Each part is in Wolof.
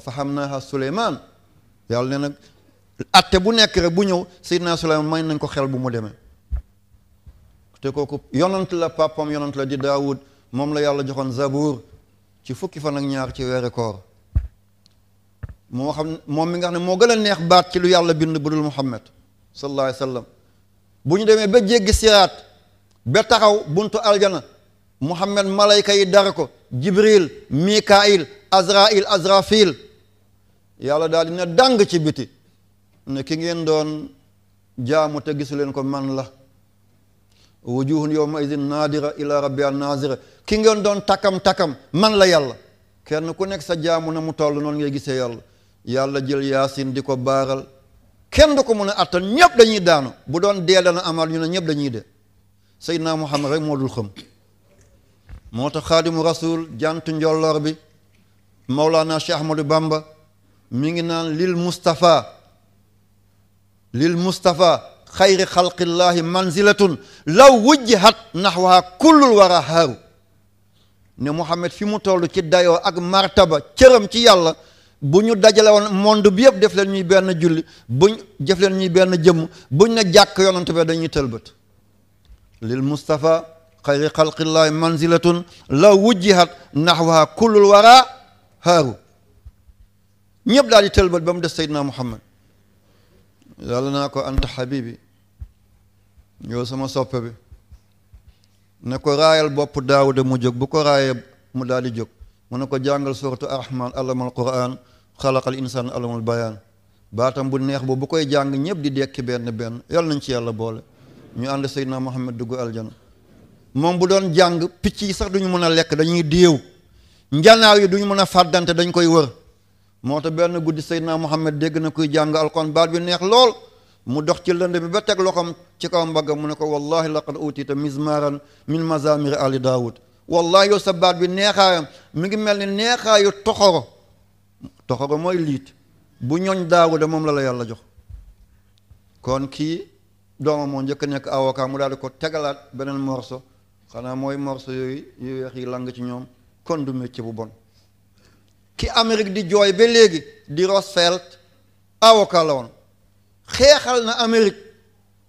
faham naha suleyman yàlla nee na atte bu nekk rek bu ñëw seydina suleyman may nañ ko xel bu mu demee te kooku yonant la papam yonant la di daawud moom la yàlla joxoon zabour ci fukki fan ak ñaar ci weeri koor moo xam moom mi nga xam ne moo gën a neex baat ci lu yàlla bind bu dul muhammad sallallahu alayhi bu ñu demee ba jéggi siraat ba taxaw buntu aljana muhammad malayka yi dara ko jibril mikail azrail azrafil yàlla daal di ne dàng ci biti ne ki ngeen doon jaamu te gisu leen ko man la wujuhun yawma idin naadira ila rabbiha naazira ki ngeen doon takkam-takkam man la yàlla kenn ku nekk sa jaamu na mu toll noonu ngay gisee yàlla yàlla jël yaasin di ko baaral kenn du ko mën a àttan ñëpp dañuy daanu bu doon dee dana amaat ñu ne ñëpp dañuy dee Seydina Muhammad rek moo dul xam moo tax xaadimu rasul jant njolloor bi Mawlana Cheikh Ahmadou bàmba mi ngi naan lil mustafaa lil Mustapha xayri xalqillaahi manzilatun law wujjihat naxwaha kullul wara haaru ne Mouhamed fi mu toll ci dayoo ak martaba cëram ci yàlla bu ñu dajale woon monde bi yëpp def leen ñuy benn julli buñ def leen ñuy benn jëmm buñ na jàkk yonante bi dañuy tëlbët lil Mustapha xayri xalqillaahi manzilatun law wujjihat naxwaha kullul wara haaru ñépp daal di tëlbat ba mu des Seydina Muhammad yàlla naa ko anta xabibi yow sama soppe bi ne ko raayal bopp daawuda mu jóg bu ko raayee mu daal di jóg mu ne ko jàngal suratu arrahman allamal quran xalaqal insaan allamal bayaan baatam bu neex boobu bu koy jàng ñëpp di dekki benn benn yal nañ ci yàlla boole ñu ànd Seydina Muhammad dugg aljana moom bu doon jàng picc yi sax duñu mën a lekk dañuy déew njanaaw yi duñu mën a fàddante dañ koy wër moo tax benn guddi naa Muhammad dégg na kuy jàng alxuraan baat bi neex lool mu dox ci lënd bi ba teg loxoom ci kaw mbagga mu ne ko wallahi laqad te mizmaran min mazamiri ali daawud wallahi yow sa baat bi neexaayam mi ngi mel ni neexaayu toxoro toxoro mooy liit bu ñooñ daawuda moom la la yàlla jox kon kii dooma moo njëkk nekk avocat mu daal di ko tegalaat beneen morso xanaa mooy morso yooyu yu weex yi lang ci ñoom kon du métier bu bon ki Amérique di jooy ba léegi di Roosevelt avocat xeexal na Amérique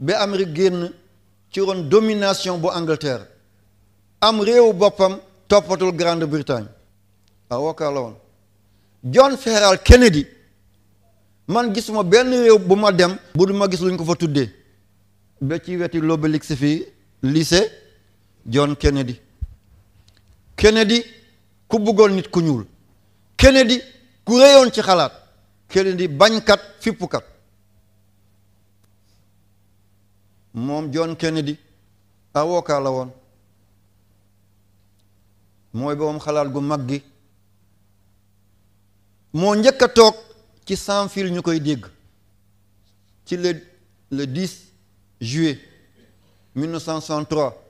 ba Amérique génn ci ron domination bu Angleterre am réew boppam toppatul Grande-Bretagne avocat la woon John Ferral Kennedy man gisuma benn réew bu ma dem bu du ma gis luñ ko fa tuddee ba ci weti l'Obélisque si fii lycée John Kennedy Kennedy ku bëggoon nit ku ñuul Kennedy ku réyoon ci xalaat Kennedy bañkat fippukat moom John Kennedy avocat la woon mooy boom xalaat gu mag gi moo njëkk a toog ci sans fil ñu koy dégg ci le le 10 juillet 1963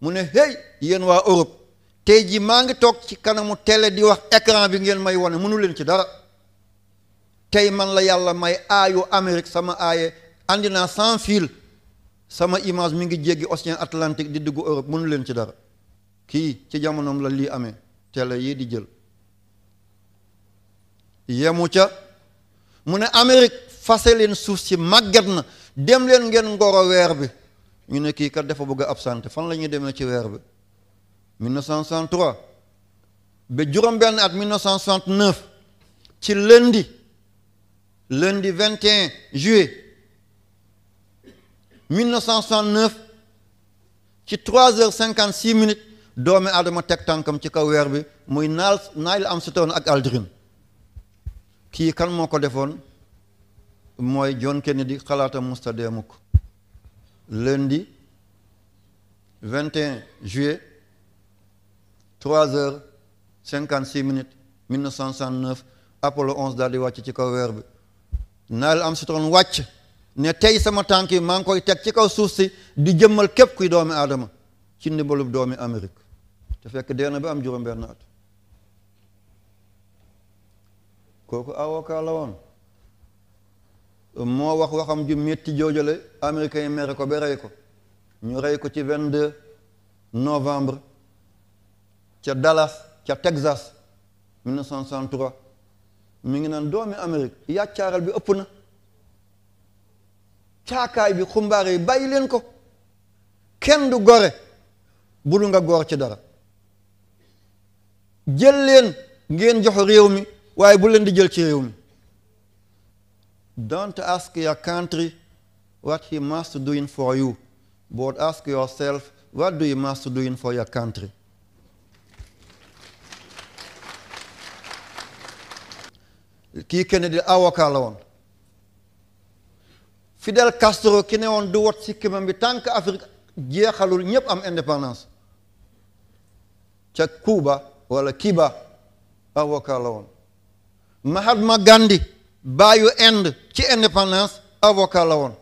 mu ne hey yéen waa Europe tey jii maa ngi toog ci kanamu télé di wax écran bi ngeen may wane mënu leen ci dara tey man la yàlla may aayu Amérique sama aaye andi naa sans fil sama image mu ngi jéggi océan Atlantique di dugg Europe mënu leen ci dara kii ci jamonoom la lii amee télé yii di jël yemu ca mu ne Amérique fase leen suuf si màgget na dem leen ngeen ngoro weer bi ñu ne kii kat dafa bëgg a absenté fan la ñuy demee ci weer bi 1963 ba juróom-benn at 1969 ci lundi lundi 21 juillet 1969 ci 3 heures 56 minutes doomi aadama teg tànkam ci kaw weer bi muy Neil Neil Armstrong ak Aldrin kii kan moo ko defoon mooy John Kennedy xalaatam musta dee mukk lundi 21 juillet 3 heures 56 minutes 1969 Apollo 11 daal di wàcc ci kaw weer bi Neil Armstrong wàcc ne tey sama tànk yi maa ngi koy teg ci kaw suuf si di jëmmal képp kuy doomi aadama ci ndimbalub doomi Amérique te fekk dee na ba am juróom-benn at kooku avocat la woon moo wax waxam ju metti joojale américain yi mere ko ba rey ko ñu rey ko ci 22 novembre ca Dallas ca Texas 1963 mi ngi naan doomi Amérique yàccaaral bi ëpp na caakaay bi xumbaare bay leen ko kenn du gore bu lu nga goor ci dara jël leen ngeen jox réew mi waaye bu leen di jël ci réew mi don't ask your country what he must doing for you but ask yourself what do you must doing for your country kii Kennedy avocat la woon Fidel Castro ki ne woon du wat si kimam bi tànk que Afrique jeexalul ñëpp am indépendance ca Cuba walla Kiba avocat la woon Mahatma Gandhi baayu Inde ci indépendance avocat la woon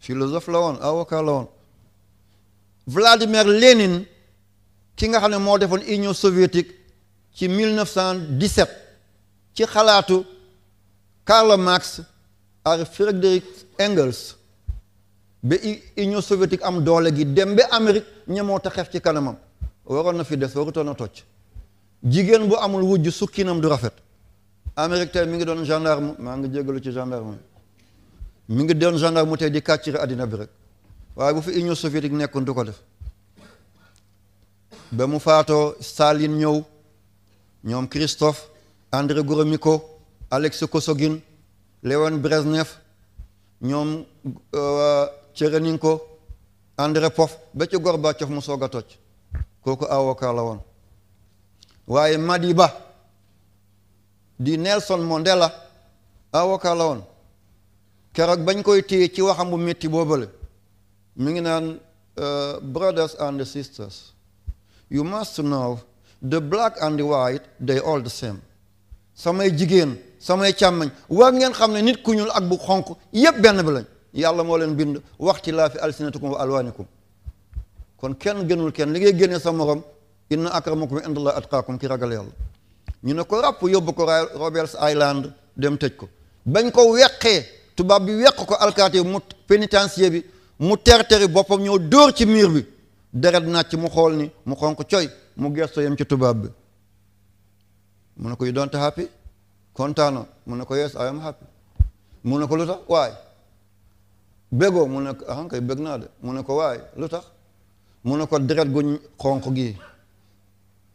philosophe la woon avocat la woon Vladimir Lénine ki nga xam ne moo defoon Union soviétique ci 1917 ci xalaatu Karl Marx ak Friedrich Engels ba Union soviétique am doole gi dem ba Amérique ñemoo ta xef ci kanamam waroon na fi des warutoon a tocc jigéen bu amul wujj sukkinam du rafet Amérique tey mi ngi doon gendarme maa ngi jégalu ci gendarme mu ngi doon gendarme tey di kàcciri àddina bi rek waaye bu fi Union soviétique nekkoon du ko def ba mu faatoo Staline ñëw ñoom Christophe André Goromiko Alex Kosogin Leon Brezhnev ñoom euh, Tchereninko André Pof ba ci Gorbatchev mu soog a toj kooku avocat la woon waaye Madiba di Nelson Mandela avocat la woon keroog bañ koy téye ci waxam bu métti boobale mu ngi naan euh, brothers and sisters you must know the black and white they all the same samay jigéen samay càmmañ war ngeen xam ne nit ku ñuul ak bu xonq yépp benn bi lañ yàlla moo leen bind waxti laa fi alsinatikum wa alwaanikum kon kenn gënul kenn li ngay génnee sa morom inna akramakum indallah atqaakum ki ragal yàlla ñu ne ko ràpp yóbbu ko Roberts Island dem tëj ko bañ ko weqee tubaab bi weq ko alkaati mu pénitencier bi mu terteri boppam ñoo dóor ci miir bi deret naaj ci mu xool ni mu xonq coy mu gesto yem ci tubaab bi mu ne ko you don't happy kontaanoo mu ne ko yes I am happy mu ne ko lu tax waay bégoo mu ne ko ahan naa de mu ne ko waay lu tax mu ne ko deret gu xonq gi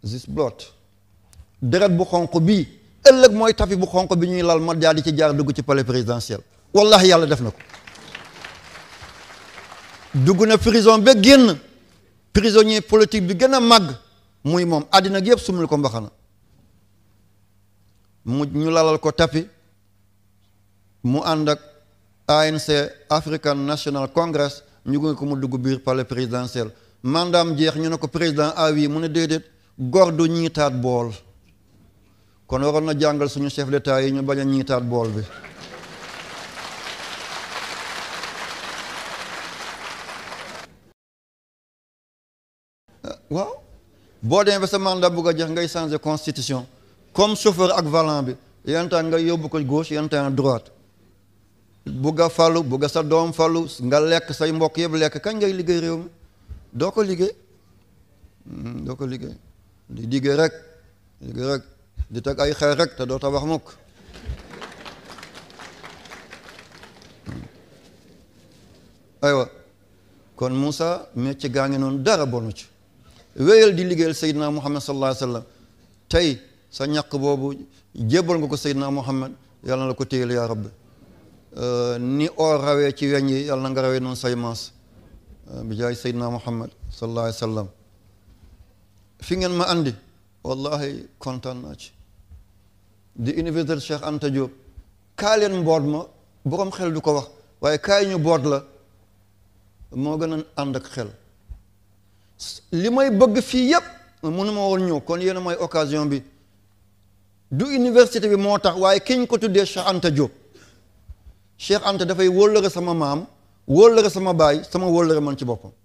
this blood deret bu xonq bii ëllëg mooy tapi bu xonq bi ñuy lal ma daal di ci jaar dugg ci palais présidentiel wallahi yàlla def na ko dugg na prison ba génn prisonnier politique bi gën a màgg muy moom àddina gi yëpp sumul ko mbaxana mu ñu lalal ko tapi mu ànd ak ANC African National Congress ñu gunge ko mu dugg biir palais présidentiel mandaam jeex ñu ne ko président awi ah mu ne déedéet góor du ñiitaat bool kon waroon na jàngal suñu chef d'état yi ñu bañ a ñiitaat bool bi waaw boo demee ba sa mandat bugg a jeex ngay changer constitution comme chauffeur ak volant bi yenn temps nga yóbbu ko gauche yenn temps droite bugg falu bugg sa doom falu nga lekk say mbokk yëpp lekk kañ ngay liggéey réew mi doo ko liggéey hmm, doo ko liggéey di liggéey rek di teg ay xeer rek te doo tabax mukk hmm. aywa kon Moussa métier gaa ngi noonu dara bonu ci wéyal di liggéeyal Seydina Muhammad sallallahu alayhi wa sallam tey sa ñaq boobu jébbal nga ko Seydina Muhammad yàlla na la ko téyel yaa rabbi euh, ni oo rawee ci weñ yi yàlla nga rawee noonu say maas euh, bi jaay Seydina Muhammad sallallahu alayhi wa fi ngeen ma àndi wallahi kontaan naa ci di université Cheikh Anta Diop kaa mboot ma boroom xel du ko wax waaye kaay ñu boot la moo gën a ànd ak xel li may bëgg fii yépp mënu ma woon ñëw kon yéen may occasion bi du université bi moo tax waaye ki ñu ko tuddee Cheikh Anta Diop Cheikh Anta dafay wóllëre sama maam wóllëre sama baay sama wóllëre man ci boppam